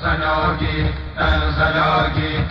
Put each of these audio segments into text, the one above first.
Sanogi, Tan Sanogi,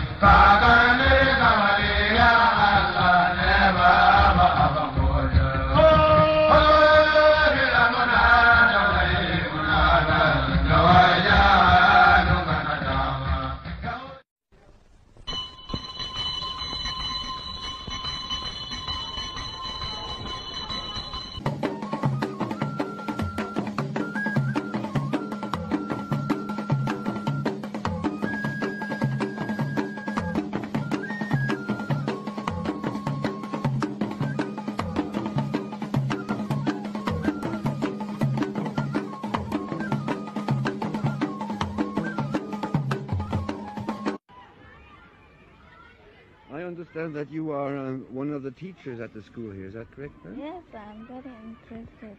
I understand that you are um, one of the teachers at the school here. Is that correct? Huh? Yes, I'm very interested.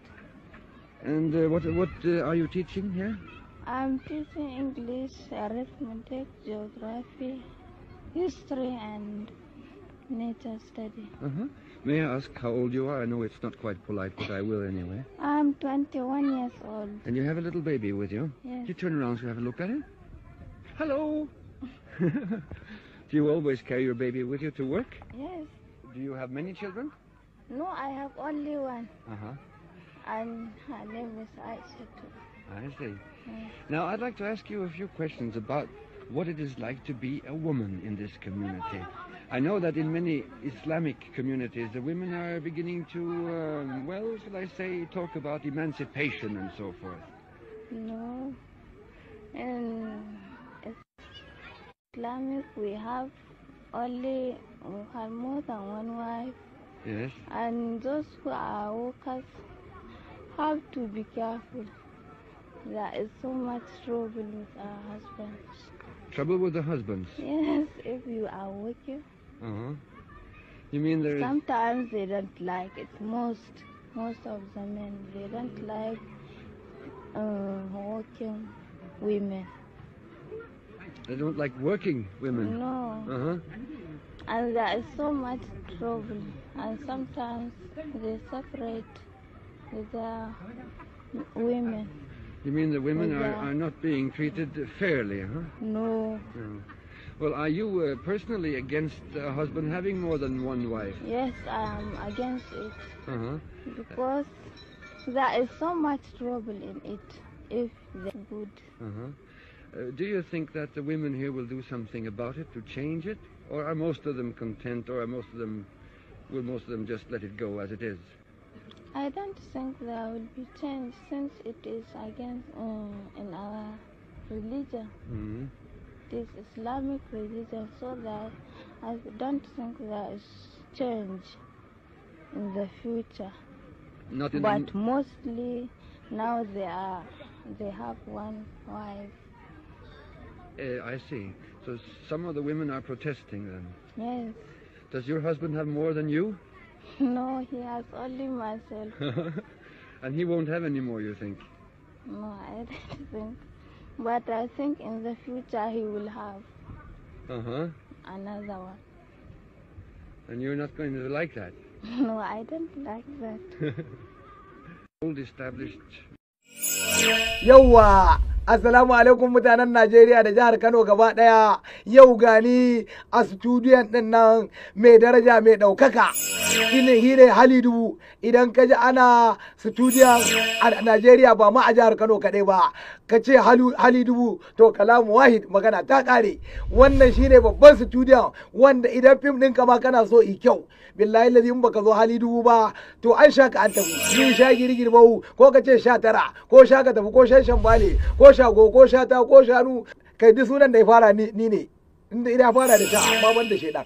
And uh, what what uh, are you teaching here? I'm teaching English, arithmetic, geography, history, and nature study. Uh-huh. May I ask how old you are? I know it's not quite polite, but I will anyway. I'm 21 years old. And you have a little baby with you? Yes. You turn around so you have a look at it? Hello! Do you always carry your baby with you to work? Yes. Do you have many children? No, I have only one. Uh-huh. And her name is Aisha too. I see. Yes. Mm. Now, I'd like to ask you a few questions about what it is like to be a woman in this community. I know that in many Islamic communities, the women are beginning to, um, well, shall I say, talk about emancipation and so forth. No. And Islamic, we have only we have more than one wife. Yes. And those who are workers have to be careful. There is so much trouble with our husbands. Trouble with the husbands? Yes, if you are working. Uh-huh. You mean there Sometimes is... they don't like it. Most, most of the men, they don't like uh, working women. They don't like working women. No. Uh-huh. And there is so much trouble. And sometimes they separate the women. You mean the women are, are not being treated fairly, huh? No. no. Well, are you uh, personally against a husband having more than one wife? Yes, I am against it. Uh-huh. Because there is so much trouble in it if they're good. Uh-huh. Uh, do you think that the women here will do something about it to change it? Or are most of them content, or are most of them, will most of them just let it go as it is? I don't think there will be change since it is against um, in our religion. Mm-hmm. This Islamic religion, so that I don't think there is change in the future. Not in but the... mostly now they are they have one wife uh, I see. So some of the women are protesting then? Yes. Does your husband have more than you? No, he has only myself. and he won't have any more, you think? No, I don't think. But I think in the future he will have uh-huh. another one. And you're not going to like that? no, I don't like that. Old established. Yo, uh, Assalamu alaikum mutanen Najeriya da jihar Kano gaba ɗaya yau gani a studiyon ɗin nan mai daraja mai ɗaukaka. shine hire hali dubu idan ka ji ana studio a Najeriya ba ma a jihar Kano kaɗai ba ka ce hali dubu to kalamu wahid magana ta ƙare wannan shine babban studio wanda idan fim ɗin ma kana so i kyau billahi lazi in baka zo hali dubu ba to an sha ka an tafi yin sha girgir bau ko ka ce sha tara ko sha ka tafi ko shan shambale ko shago ko shata ko shanu kai duk sunan da ya fara ni ne inda ina fara da sha amma ban da shaidan